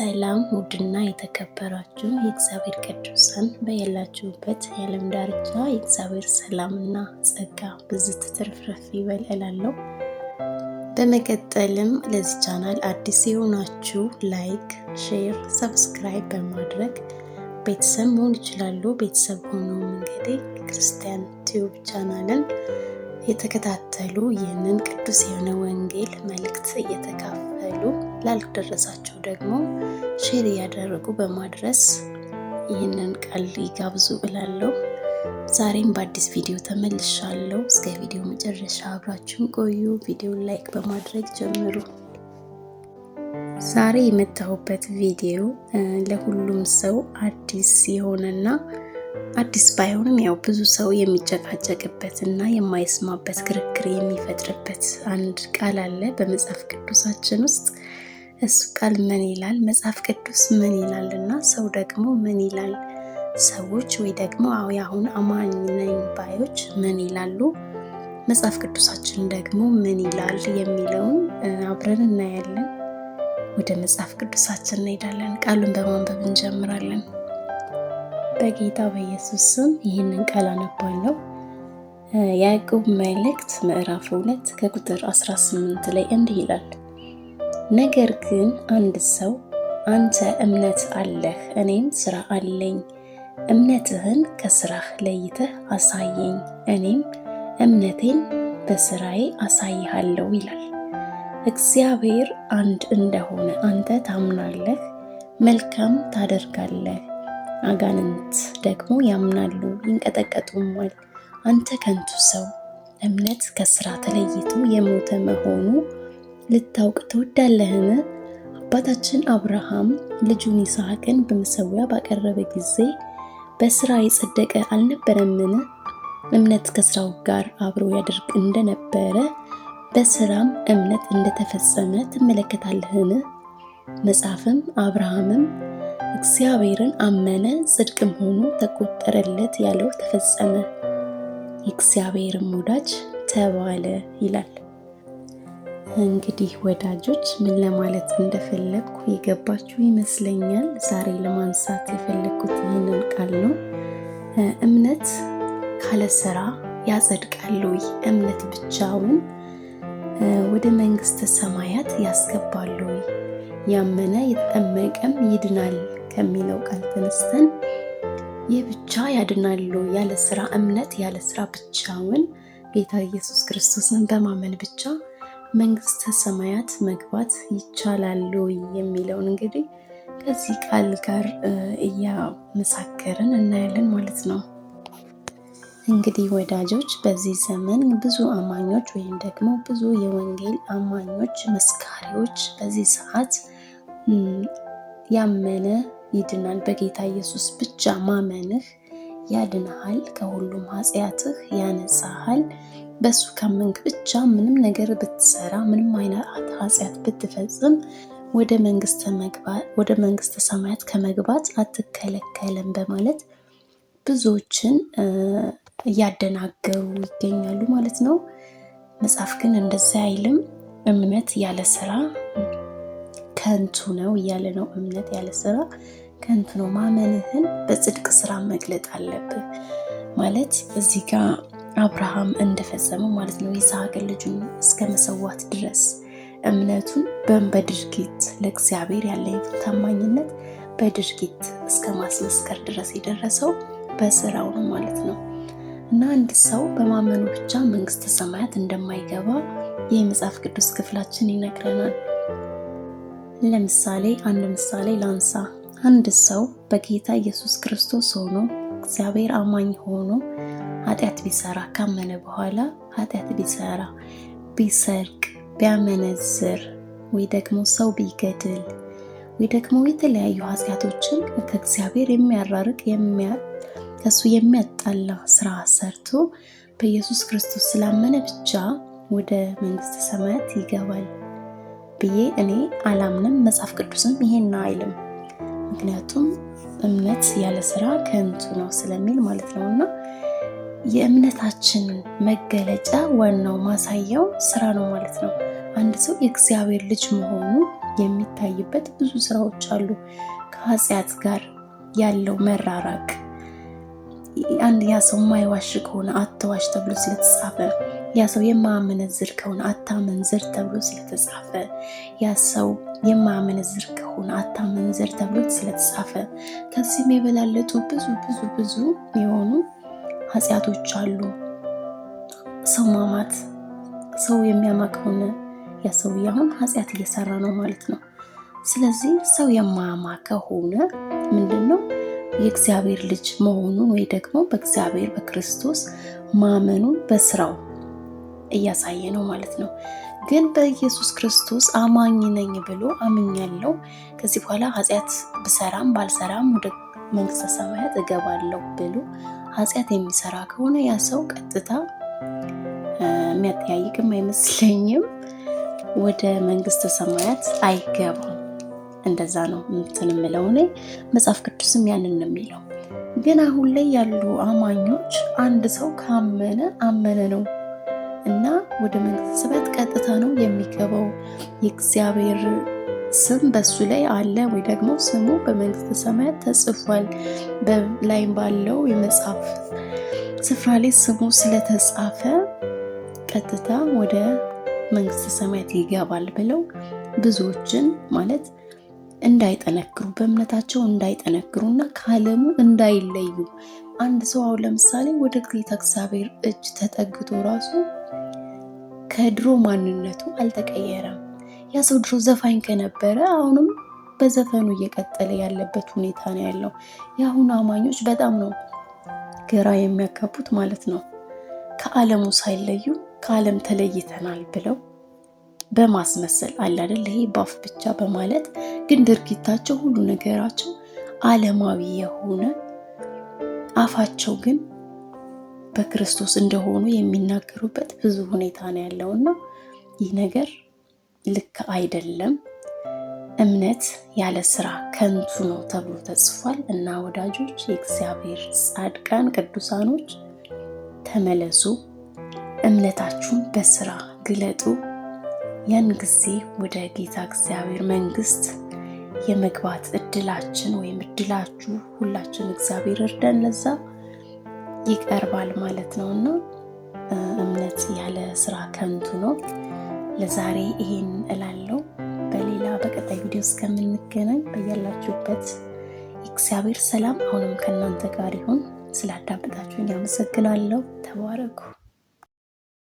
ሰላም ውድና የተከበራችሁ የእግዚአብሔር ቅዱሳን በያላችሁበት የዓለም ዳርቻ የእግዚአብሔር ሰላምና ጸጋ ብዝት ትርፍርፍ ይበል እላለሁ። በመቀጠልም ለዚህ ቻናል አዲስ የሆናችሁ ላይክ፣ ሼር፣ ሰብስክራይብ በማድረግ ቤተሰብ መሆን ይችላሉ። ቤተሰብ ሆነው እንግዲህ ክርስቲያን ቲዩብ ቻናልን የተከታተሉ ይህንን ቅዱስ የሆነ ወንጌል መልእክት እየተካፈሉ ላልደረሳቸው ደግሞ ሼር እያደረጉ በማድረስ ይህንን ቃል ይጋብዙ እላለሁ። ዛሬም በአዲስ ቪዲዮ ተመልሻለሁ። እስከ ቪዲዮ መጨረሻ አብራችሁን ቆዩ። ቪዲዮን ላይክ በማድረግ ጀምሩ። ዛሬ የመጣሁበት ቪዲዮ ለሁሉም ሰው አዲስ የሆነና አዲስ ባይሆንም ያው ብዙ ሰው የሚጨቃጨቅበት እና የማይስማበት ክርክር የሚፈጥርበት አንድ ቃል አለ በመጽሐፍ ቅዱሳችን ውስጥ። እሱ ቃል ምን ይላል? መጽሐፍ ቅዱስ ምን ይላል? እና ሰው ደግሞ ምን ይላል? ሰዎች ወይ ደግሞ አዎ አሁን አማኝ ነኝ ባዮች ምን ይላሉ? መጽሐፍ ቅዱሳችን ደግሞ ምን ይላል የሚለውን አብረን እናያለን። ወደ መጽሐፍ ቅዱሳችን እንሄዳለን። ቃሉን በማንበብ እንጀምራለን። በጌታ በኢየሱስ ስም ይህንን ቃል አነባለሁ። ያዕቆብ መልእክት ምዕራፍ ሁለት ከቁጥር 18 ላይ እንዲህ ይላል፣ ነገር ግን አንድ ሰው አንተ እምነት አለህ እኔም ስራ አለኝ፣ እምነትህን ከስራህ ለይተህ አሳየኝ፣ እኔም እምነቴን በስራዬ አሳይሃለሁ ይላል። እግዚአብሔር አንድ እንደሆነ አንተ ታምናለህ፣ መልካም ታደርጋለህ። አጋንንት ደግሞ ያምናሉ ይንቀጠቀጡማል። አንተ ከንቱ ሰው እምነት ከስራ ተለይቶ የሞተ መሆኑ ልታውቅ ትወዳለህን? አባታችን አብርሃም ልጁን ይስሐቅን በመሰዊያ ባቀረበ ጊዜ በስራ የጸደቀ አልነበረምን? እምነት ከስራው ጋር አብሮ ያደርግ እንደነበረ በስራም እምነት እንደተፈጸመ ትመለከታለህን? መጽሐፍም አብርሃምም እግዚአብሔርን አመነ ጽድቅም ሆኖ ተቆጠረለት ያለው ተፈጸመ፣ የእግዚአብሔርም ወዳጅ ተባለ ይላል። እንግዲህ ወዳጆች ምን ለማለት እንደፈለግኩ የገባችሁ ይመስለኛል። ዛሬ ለማንሳት የፈለግኩት ይህንን ቃል ነው። እምነት ካለ ስራ ያጸድቃል ወይ? እምነት ብቻውን ወደ መንግስት ሰማያት ያስገባሉ። ያመነ የተጠመቀም ይድናል ከሚለው ቃል ተነስተን ይህ ብቻ ያድናሉ ያለ ስራ እምነት ያለ ስራ ብቻውን ጌታ ኢየሱስ ክርስቶስን በማመን ብቻ መንግስተ ሰማያት መግባት ይቻላሉ የሚለውን እንግዲህ ከዚህ ቃል ጋር እያመሳከርን እናያለን ማለት ነው። እንግዲህ ወዳጆች በዚህ ዘመን ብዙ አማኞች ወይም ደግሞ ብዙ የወንጌል አማኞች መስካሪዎች በዚህ ሰዓት ያመነ ይድናል፣ በጌታ ኢየሱስ ብቻ ማመንህ ያድንሃል፣ ከሁሉም ኃጢአትህ ያነጻሃል፣ በእሱ ካመንክ ብቻ ምንም ነገር ብትሰራ፣ ምንም አይነት ኃጢአት ብትፈጽም ወደ መንግስተ ሰማያት ከመግባት አትከለከለም በማለት ብዙዎችን እያደናገሩ ይገኛሉ ማለት ነው። መጽሐፍ ግን እንደዚያ አይልም። እምነት ያለ ስራ ከንቱ ነው እያለ ነው። እምነት ያለ ስራ ከንቱ ነው። ማመንህን በጽድቅ ስራ መግለጥ አለብህ ማለት እዚህ ጋር አብርሃም እንደፈጸመው ማለት ነው። ይስሐቅን ልጁን እስከ መሰዋት ድረስ እምነቱን በድርጊት ለእግዚአብሔር ያለኝ ታማኝነት በድርጊት እስከ ማስመስከር ድረስ የደረሰው በስራው ነው ማለት ነው። አንድ ሰው በማመኑ ብቻ መንግስተ ሰማያት እንደማይገባ ይህ መጽሐፍ ቅዱስ ክፍላችን ይነግረናል። ለምሳሌ አንድ ምሳሌ ላንሳ። አንድ ሰው በጌታ ኢየሱስ ክርስቶስ ሆኖ እግዚአብሔር አማኝ ሆኖ ኃጢአት ቢሰራ ካመነ በኋላ ኃጢአት ቢሰራ፣ ቢሰርቅ፣ ቢያመነዝር ወይ ደግሞ ሰው ቢገድል ወይ ደግሞ የተለያዩ ኃጢአቶችን ከእግዚአብሔር የሚያራርቅ የሚያ ከእሱ የሚያጣላ ስራ ሰርቶ በኢየሱስ ክርስቶስ ስላመነ ብቻ ወደ መንግስተ ሰማያት ይገባል ብዬ እኔ አላምንም። መጽሐፍ ቅዱስም ይሄን አይልም። ምክንያቱም እምነት ያለ ስራ ከንቱ ነው ስለሚል ማለት ነው እና የእምነታችንን መገለጫ ዋናው ማሳያው ስራ ነው ማለት ነው። አንድ ሰው የእግዚአብሔር ልጅ መሆኑ የሚታይበት ብዙ ስራዎች አሉ። ከኃጢአት ጋር ያለው መራራቅ አንድ ያ ሰው የማይዋሽ ከሆነ አትዋሽ ተብሎ ስለተጻፈ ያ ሰው የማያመነዝር ከሆነ አታመንዝር ተብሎ ስለተጻፈ ያ ሰው የማያመነዝር ከሆነ አታመንዝር ተብሎ ስለተጻፈ ከዚህም የበላለጡ ብዙ ብዙ ብዙ የሆኑ ኃጢአቶች አሉ። ሰው ማማት፣ ሰው የሚያማ ከሆነ ያ ሰው አሁን ኃጢአት እየሰራ ነው ማለት ነው። ስለዚህ ሰው የማያማ ከሆነ ምንድን ነው የእግዚአብሔር ልጅ መሆኑን ወይ ደግሞ በእግዚአብሔር በክርስቶስ ማመኑን በስራው እያሳየ ነው ማለት ነው። ግን በኢየሱስ ክርስቶስ አማኝ ነኝ ብሎ አምኛለሁ፣ ከዚህ በኋላ ኃጢአት ብሰራም ባልሰራም ወደ መንግስተ ሰማያት እገባለሁ ብሎ ኃጢአት የሚሰራ ከሆነ ያ ሰው ቀጥታ የሚያጠያይቅም አይመስለኝም፣ ወደ መንግስተ ሰማያት አይገባም። እንደዛ ነው እንትን የምለው እኔ መጽሐፍ ቅዱስም ያንን ነው የሚለው። ግን አሁን ላይ ያሉ አማኞች አንድ ሰው ካመነ አመነ ነው እና ወደ መንግስተ ሰማያት ቀጥታ ነው የሚገባው። የእግዚአብሔር ስም በሱ ላይ አለ ወይ ደግሞ ስሙ በመንግስተ ሰማያት ተጽፏል። በላይም ባለው የመጽሐፍ ስፍራ ላይ ስሙ ስለተጻፈ ቀጥታ ወደ መንግስት ሰማያት ይገባል ብለው ብዙዎችን ማለት እንዳይጠነክሩ በእምነታቸው እንዳይጠነክሩና ከዓለሙ እንዳይለዩ። አንድ ሰው አሁን ለምሳሌ ወደ ጌታ እግዚአብሔር እጅ ተጠግቶ ራሱ ከድሮ ማንነቱ አልተቀየረም። ያ ሰው ድሮ ዘፋኝ ከነበረ አሁንም በዘፈኑ እየቀጠለ ያለበት ሁኔታ ነው ያለው። የአሁኑ አማኞች በጣም ነው ግራ የሚያጋቡት ማለት ነው። ከዓለሙ ሳይለዩ ከዓለም ተለይተናል ብለው በማስመሰል አለ አይደል? ይሄ ባፍ ብቻ በማለት ግን ድርጊታቸው ሁሉ ነገራቸው ዓለማዊ የሆነ አፋቸው ግን በክርስቶስ እንደሆኑ የሚናገሩበት ብዙ ሁኔታ ነው ያለውና ይህ ነገር ልክ አይደለም። እምነት ያለ ስራ ከንቱ ነው ተብሎ ተጽፏል። እና ወዳጆች የእግዚአብሔር ጻድቃን ቅዱሳኖች ተመለሱ፣ እምነታችሁን በስራ ግለጡ። ያን ጊዜ ወደ ጌታ እግዚአብሔር መንግስት የመግባት እድላችን ወይም እድላችሁ ሁላችን እግዚአብሔር እርዳን ለዛ ይቀርባል ማለት ነው እና እምነት ያለ ስራ ከንቱ ነው። ለዛሬ ይሄን እላለው በሌላ በቀጣይ ቪዲዮ እስከምንገናኝ በያላችሁበት እግዚአብሔር ሰላም አሁንም ከእናንተ ጋር ይሁን። ስላዳመጣችሁኝ አመሰግናለሁ። ተባረኩ።